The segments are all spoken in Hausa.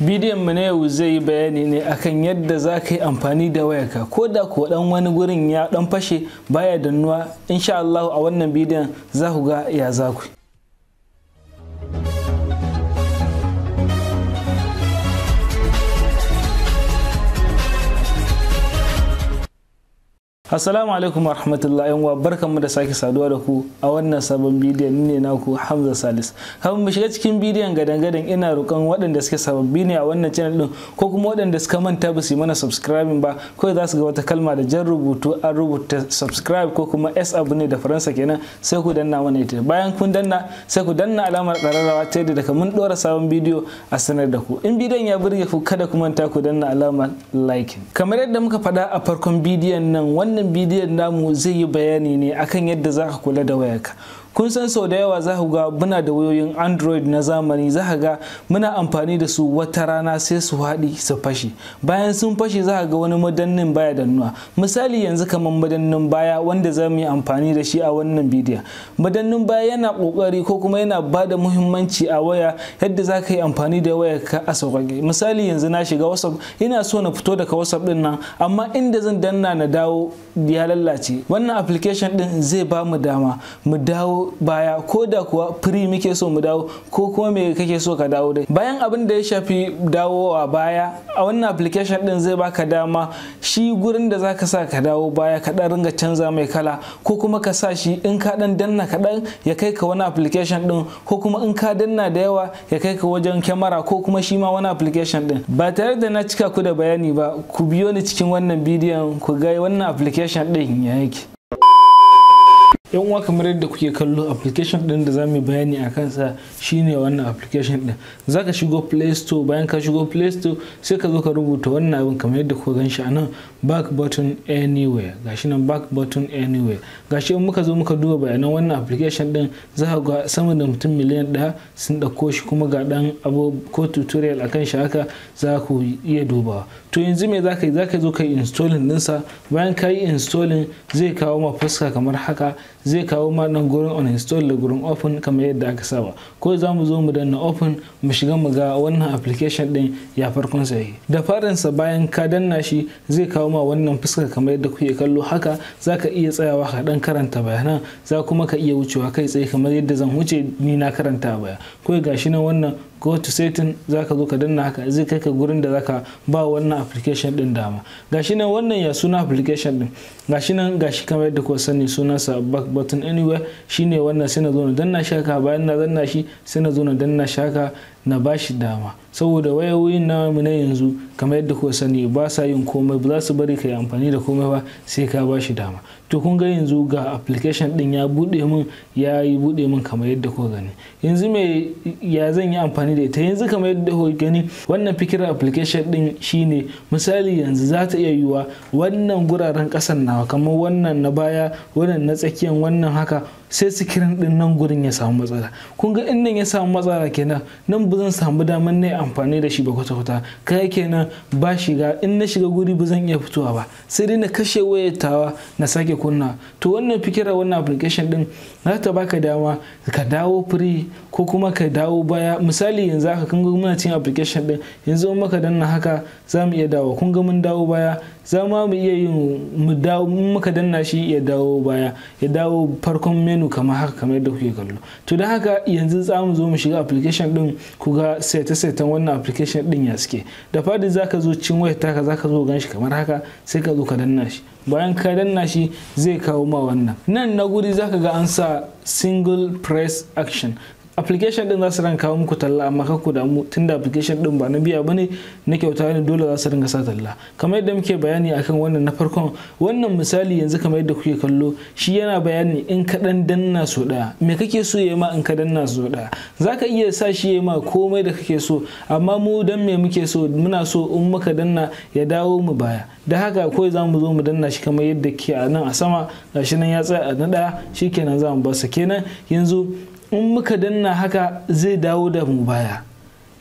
bidiyon mu na yau zai yi bayani ne akan yadda za ka yi amfani da wayarka ko da kuwa dan wani gurin ya dan fashe baya dannuwa insha Allah a wannan bidiyon za ku ga ya za Assalamu alaikum wa rahmatullahi wa barkanmu da sake saduwa da ku a wannan sabon bidiyon ne naku Hamza Salis. Kafin mu shiga cikin bidiyon gadan-gadan ina roƙon waɗanda suke sababbi ne a wannan channel din ko kuma waɗanda suka manta ba su yi mana subscribing ba ko za su ga wata kalma da jan rubutu an rubuta subscribe ko kuma S abu ne da Faransa kenan sai ku danna mana ita. Bayan kun danna sai ku danna alamar ƙararrawa ta yadda daga mun ɗora sabon bidiyo a sanar da ku. In bidiyon ya burge ku kada ku manta ku danna alamar like. Kamar yadda muka faɗa a farkon bidiyon nan wannan wannan bidiyon namu zai yi bayani ne akan yadda za ka kula da wayarka kun san sau da yawa za ga muna da wayoyin android na zamani za ga muna amfani da su wata rana sai su haɗi su fashe bayan sun fashe za ga wani madannin baya da nuna misali yanzu kamar madannin baya wanda za mu yi amfani da shi a wannan bidiyo madannin baya yana ƙoƙari ko kuma yana ba da muhimmanci a waya yadda za ka yi amfani da waya ka a sauƙaƙe misali yanzu na shiga whatsapp ina so na fito daga whatsapp ɗin nan amma inda zan danna na dawo ya lallace wannan application din zai ba mu dama mu dawo baya ko da kuwa firi muke so mu dawo ko kuma me kake so ka dawo dai bayan abin da ya shafi dawowa baya a wannan application din zai baka dama shi gurin da zaka sa ka dawo baya ka dan ringa canza mai kala ko kuma ka sa shi in ka dan danna kaɗan ya kai ka wani application din ko kuma in ka danna da yawa ya kai ka wajen kyamara ko kuma shi ma wani application din ba tare da na cika ku da bayani ba ku biyo ni cikin wannan bidiyon ku ga wannan application din ya yake yan uwa kamar yadda kuke kallo application din da zamu bayani a kansa shine wannan application din zaka shigo play store bayan ka shigo play store sai ka zo ka rubuta wannan abin kamar yadda kuka ganshi anan back button anywhere gashi nan back button anywhere gashi in muka zo muka duba bayanan wannan application din za ka ga sama da mutum miliyan ɗaya sun ɗauko shi kuma ga dan abu ko tutorial akan shi haka za ku iya dubawa to yanzu me zaka yi ka zo ka yi installing sa bayan ka yi installing zai kawo ma fuska kamar haka zai kawo ma nan gurin uninstall da gurin open kamar yadda aka saba ko za mu zo mu danna open mu shiga mu ga wannan application din ya farkon sa yi. da farinsa bayan ka danna shi zai kawo ma wannan fuska kamar yadda kuke kallo haka zaka iya tsayawa ka dan karanta bayanan za kuma ka iya wucewa kai tsaye kamar yadda zan wuce ni na karanta baya ko gashi nan wannan to setting za ka zo ka danna haka zai kai ka gurin da za ka ba wannan application din dama gashi nan wannan ya suna application din gashi nan gashi kamar yadda kuka sani sunansa back button anywhere shine wannan sai na zo na danna shi haka bayan na danna shi sai na zo na danna shi haka na ba shi dama saboda wayoyin na na yanzu kamar yadda kuka sani ba sa yin komai ba za su bari ka yi amfani da komai ba sai ka ba shi dama to kun ga yanzu ga application din ya bude min ya yi bude min kamar yadda ko gani yanzu me ya zan yi amfani da ita yanzu kamar yadda ko gani wannan fikirar application din shine misali yanzu za ta iya yiwa wannan guraren kasan nawa kamar wannan na baya wannan na tsakiyan wannan haka sai sikirin din nan gurin ya samu matsala kun ga in nan ya samu matsala kenan nan ba zan samu damar na amfani da shi ba kwata-kwata kai kenan ba shiga in na shiga guri ba zan iya fitowa ba sai dai na kashe wayatawa na sake kunna to wannan fikira wannan application din za ta baka dama ka dawo free ko kuma ka dawo baya misali yanzu haka kun ga muna cin application din yanzu maka dan danna haka za mu iya dawo kun ga mun dawo baya za ma mu iya yin mu dawo muka danna shi ya dawo baya ya dawo farkon menu kamar haka kamar yadda kuke kallo to da haka yanzu za mu zo mu shiga application din ku ga seta setan wannan application din ya suke da fadi ka zo cin wayar taka ka zo ganshi kamar haka sai ka zo ka danna shi bayan ka danna shi zai kawo ma wannan nan na guri ka ga an sa single press action application din zasu su ranka kawo muku talla amma ka ku damu tunda application din ba na biya bane na kyauta ne dole zasu su ringa sa talla kamar yadda muke bayani akan wannan na farkon wannan misali yanzu kamar yadda kuke kallo shi yana bayani in ka dan danna so daya me kake so yayi ma in ka danna so daya zaka iya sa shi yayi ma komai da kake so amma mu dan me muke so muna so in muka danna ya dawo mu baya da haka ko za mu zo mu danna shi kamar yadda ke a nan a sama shi nan ya tsaya a na ɗaya kenan za mu basa kenan yanzu in muka danna haka zai dawo da mu baya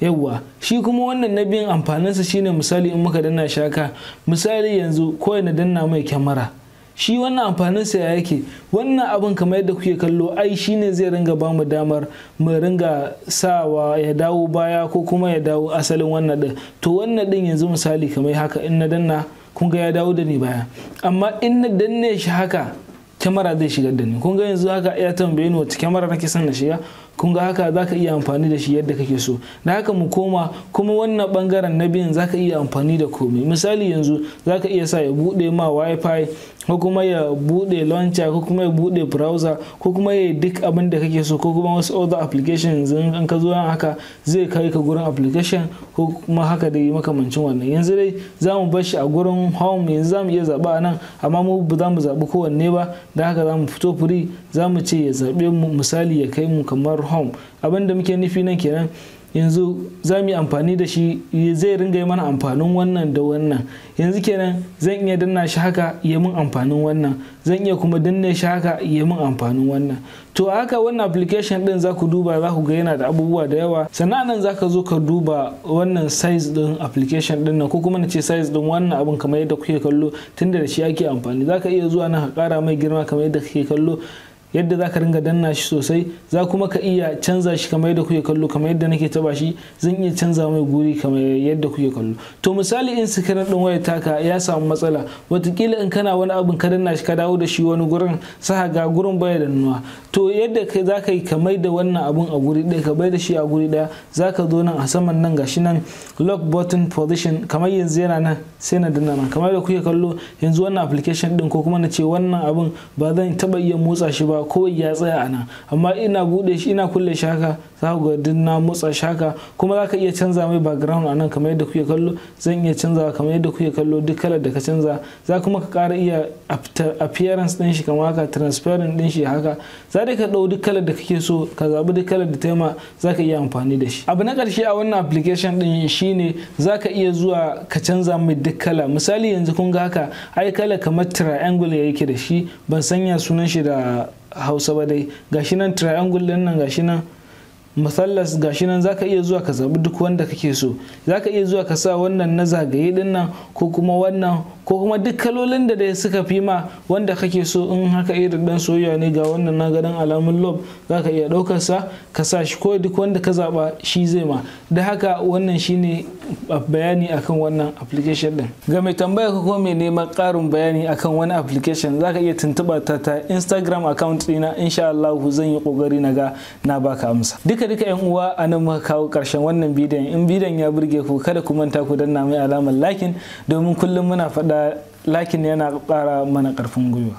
yawwa shi kuma wannan na biyan amfaninsa shine misali in muka danna shi haka misali yanzu ko na danna mai kyamara shi wannan amfanin sa ya yake wannan abin kamar yadda kuke kallo ai shine zai ringa ba mu damar mu ringa sawa ya dawo baya ko kuma ya dawo asalin wannan din to wannan din yanzu misali kamar haka in na danna kun ga ya dawo da ni baya amma in na danne shi haka kyamara zai shigar da ni kun ga yanzu haka iya tambaye ni wace kyamara nake son na shiga kun ga haka zaka iya amfani da shi yadda kake so da haka mu koma kuma wannan bangaren na biyan zaka iya amfani da komai misali yanzu zaka iya sa ya bude ma wifi ko kuma ya bude launcher ko kuma ya bude browser ko kuma ya duk abin da kake so ko kuma wasu other applications in ka zo haka zai kai ka gurin application ko kuma haka da yi makamancin wannan yanzu dai za mu bar shi a gurin home yanzu za mu iya zaba nan amma mu ba za mu zaɓi kowanne ba da haka za mu fito firi za mu ce ya zaɓe mu misali ya kai mu kamar home abinda muke nufi nan kenan yanzu za mu yi amfani da shi zai ringa yi mana amfanin wannan da wannan yanzu kenan zan iya danna shi haka ya min amfanin wannan zan iya kuma danna shi haka ya min amfanin wannan to a haka wannan application din za ku duba za ku ga yana da abubuwa da yawa sannan nan za ka zo ka duba wannan size din application din nan ko kuma na ce size din wannan abin kamar yadda kuke kallo tunda da shi ake amfani za ka iya zuwa nan ka kara mai girma kamar yadda kake kallo yadda za ka ringa danna shi sosai za kuma ka iya canza shi kamar yadda kuke kallo kamar yadda nake taba shi zan iya canza mai guri kamar yadda kuke kallo to misali in sikirin din wayar taka ya samu matsala watakila in kana wani abin ka danna shi ka dawo da shi wani gurin sa ga gurin bai da nuna to yadda kai za ka yi ka mai da wannan abun a guri ɗaya ka bai da shi a guri ɗaya za ka zo nan a saman nan ga shi nan lock button position kamar yanzu yana nan sai na danna nan kamar da kuke kallo yanzu wannan application din ko kuma na ce wannan abun ba zan taɓa iya motsa shi ba ko ya tsaya a nan amma ina buɗe shi ina kulle shi haka za ku ga duk na motsa shi haka kuma za ka iya canza mai background a nan kamar yadda kuke kallo zan iya canza kamar yadda kuke kallo duk kalar da ka canza za kuma ka ƙara iya appearance ɗin shi kamar haka transparent ɗin shi haka za dai ka ɗau duk kalar da kake so ka zaɓi duk kalar da ta ma za ka iya amfani da shi abu na ƙarshe a wannan application ɗin shine za ka iya zuwa ka canza mai duk kala misali yanzu kun ga haka ai kala kamar triangle ya yake da shi ban sanya sunan shi da hausa ba dai gashi nan triangle ɗin nan gashi nan masallas gashi nan zaka iya zuwa ka zabi duk wanda kake so zaka iya zuwa ka sa wannan na zagaye din nan ko kuma wannan ko kuma duk kalolin da dai suka fi ma wanda kake so in haka iya dan soyayya ne ga wannan na ganin alamun lob zaka iya ɗaukar sa ka sa shi ko duk wanda ka zaba shi zai ma da haka wannan shine bayani akan wannan application din ga mai tambaya ko mai neman karin bayani akan wani application zaka iya tuntuba ta ta Instagram account ɗina insha Allah zan yi kokari na ga na baka amsa duka duka yan uwa a nan muka kawo karshen wannan bidiyon in bidiyon ya burge ku kada ku manta ku danna mai alamar lakin domin kullum muna faɗa lakin yana ƙara mana ƙarfin gwiwa